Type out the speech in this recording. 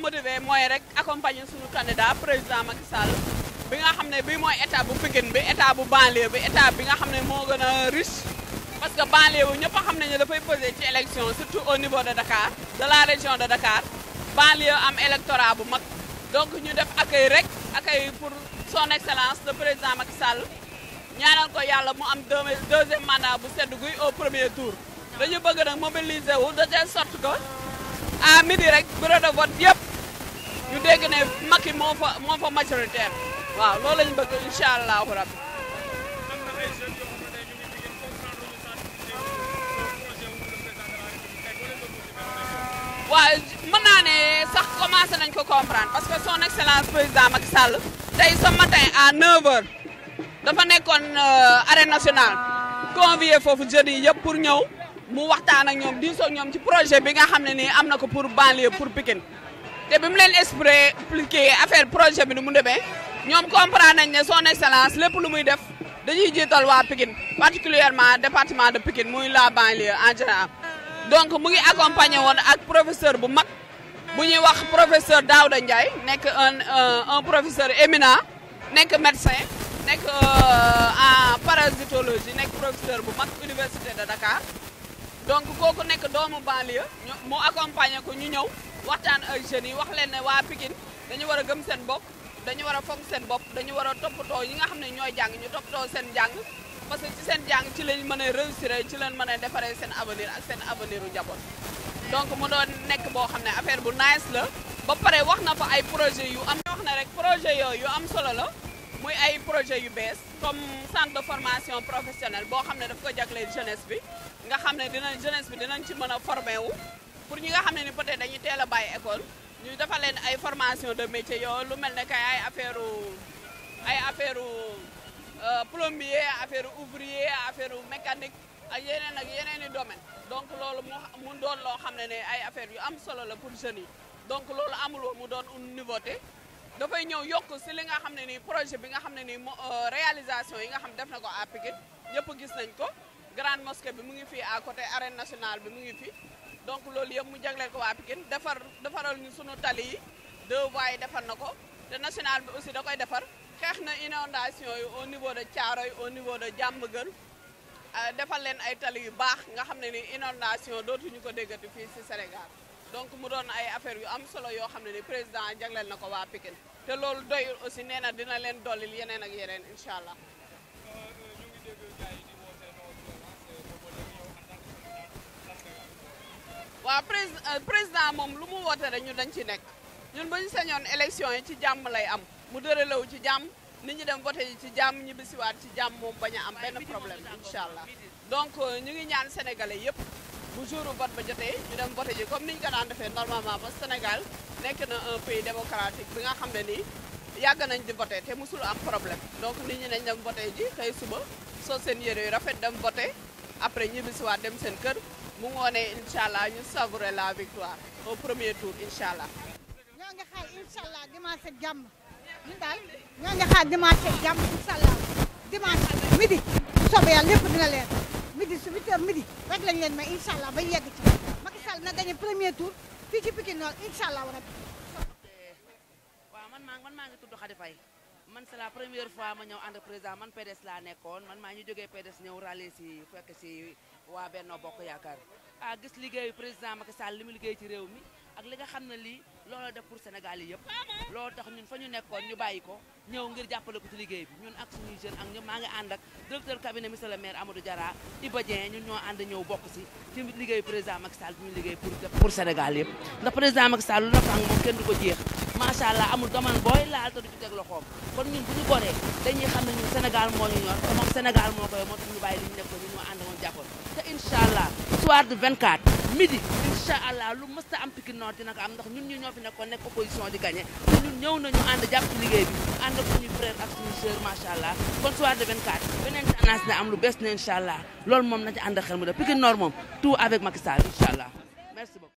motivé mooy rek accompagner suñu candidat président Macky Sall bi nga xam ne bii mooy état bu Pikine bi état bu banlieue bi état bi nga xam ne moo gën a parce que banlieue bi ñëpp xam nañu dafay peser ci élection surtout au niveau de Dakar de la région de Dakar banlieue am électorat bu mag donc ñu def accueil rek accueil pour son excellence le président Macky Sall ñaanal ko yàlla mu am deuxième mandat bu sedd guy au premier tour dañu bëgg nag mobiliser wu de telle sorte que rek bureau de vote yëpp moo fa moo majoritaire waaw loolu lañu bëgg incha allahu rabbi waaw mën naa ne sax commencé nañ ko comprendre parce que son excellence président Macky Sall tey ce matin à 9h dafa nekkoon euh, arène nationale convié foofu jeunes yi yëpp pour ñëw mu waxtaan ak ñoom diisoo ñoom ci projet bi nga xam ne nii am na ko pour banlieue pour Pikine te bi mu leen expliqué affaire projet bi ni mu demee ñoom comprendre nañ ne son excellence lépp lu muy def dañuy jiital waa Pikine particulièrement département de Pikine muy la banlieue en général donc mu ngi accompagné woon ak professeur bu mag mu ñuy wax professeur Daouda Ndiaye nekk un un professeur éminent nekk médecin nekk euh, en parasitologie nekk professeur bu mag université de Dakar donc kooku nekk doomu banlieue ñu mu accompagné ko ñu ñëw waxtaan ak jeunes yi wax leen ne waa Pikine dañu war a gëm seen bopp dañu war a seen bopp dañu war a toppatoo yi nga xam ne ñooy jàng ñu toppatoo seen jàng parce que ci seen jàng ci lañ mën a réussir ci lañ mën a defaree seen avenir ak seen avenir u njaboot donc mu doon nekk boo xam ne affaire bu nice la ba pare wax na fa ay projet yu am wax na rek projet yooyu yu am solo la muy ay projet yu bees comme centre de formation professionnelle boo xam ne daf ko jagleel jeunesse bi nga xam ne dinañ jeunesse bi dinañ ci mën a formé wu pour ñi nga xam ne ni peut-être dañuy teel a bàyyi école ñu dafa leen ay formation de métier yoo lu mel ne kay ay affaire ay affaire euh, plombier affaire ouvrier affaire mécanique ak yeneen ak yeneen i domaine donc loolu mu doon loo xam ne ne ay affaire yu am solo la pour jeunes yi donc loolu amul woon mu doon une nouveauté dafay ñëw yokk si li nga xam ne ni projet bi nga xam ne nii mo euh, réalisation yi nga xam def na ko à Pikine ñëpp gis nañ ko grande mosquée bi mu ngi fii à côté arène nationale bi mu ngi fii donc loolu yëpp mu jagleel ko waa Pikine defar defaral ñu sunu tali yi deux voies yi defar na ko te national bi aussi da koy defar xeex na inondation yi au niveau de Thiaroye au niveau de Diamaguène euh, defal leen ay tali yu baax nga xam ne ni inondation dootuñu ko déggati fii ci Sénégal donc mu doon ay affaires yu am solo yoo xam ne ni président jagleel na ko waa Pikine te loolu doyul aussi nee na dina leen dollil yeneen ak yeneen incha allah waaw euh, président moom lu mu woote rek ñun dañ ci nekk ñun ba ñu sañoon élection yi ci jàmm lay am mu dërëlewu ci jàmm ni ñu dem voté yi ci jàmm ñi bisiwaat ci jàmm moom bañ a am benn problème incha allah donc euh, ñu ngi ñaan sénégalais yëpp bu jour bu vote ba jotee ñu dem voté ji comme ni ñu ko daan defee normalement parce que Sénégal nekk na un pays démocratique bi nga xam ne nii yàgg nañ di voté te musul am problème donc nit ñi nañ dem voté ji xëy suba soo seen yére yu rafet dem voté après ñibbisiwaat dem seen kër mu ngoonee incha allah ñu savourer la victoire au premier tour incha allah. ñoo ngi xaar incha allah dimanche jàmm ñun daal ñoo ngi xaar dimanche jàmm incha allah dimanche midi soobee lépp dina leer midi su 8h rek lañ leen may incha allah ba yegg ci Macky Sall na premier tour fii ci Pikine Nord incha allah. waaw man maa man maa ngi tudd man c'est la première fois ma ñëw ànd président man PDS laa nekkoon man maa ñu jógee PDS ñëw rallier si fekk si waa Benno Bokk Yaakaar ah gis liggéeyu président Macky saal li mu liggéey ci réew ak li nga xam ne lii looloo def pour Sénégal yi yëpp loolu tax ñun fa ñu nekkoon ñu bàyyi ko ñëw ngir jàppale ko ci liggéey bi ñun ak suñuy maa ngi ànd ak directeur cabinet monsieur le maire Amadou Diarra Iba Dieng ñun ñoo ànd ñëw bokk si ci président Macky Sall bi ñu liggéey pour pour Sénégal yëpp ndax président Macky Sall lu na fa moom kenn du ko jeex macha allah amul domaine booy laal te du ci teg loxoom kon ñun bu ñu goree dañuy xam ne Sénégal moo ñu ñor te moom Sénégal moo koy moo tax ñu bàyyi li ñu nekk lu mës a am Pikine Nord dina ko am ndax ñun ñu ñoo fi nekkoon nekk opposition di gagné ñun ñëw nañu ànd jàpp ci liggéey bi ànd ak suñuy frère ak suñuy sœur macha allah kon soir de 24 beneen tendance na am lu bees ne incha allah loolu moom na ci ànd ak xel mu def Pikine moom tout avec Macky Sall allah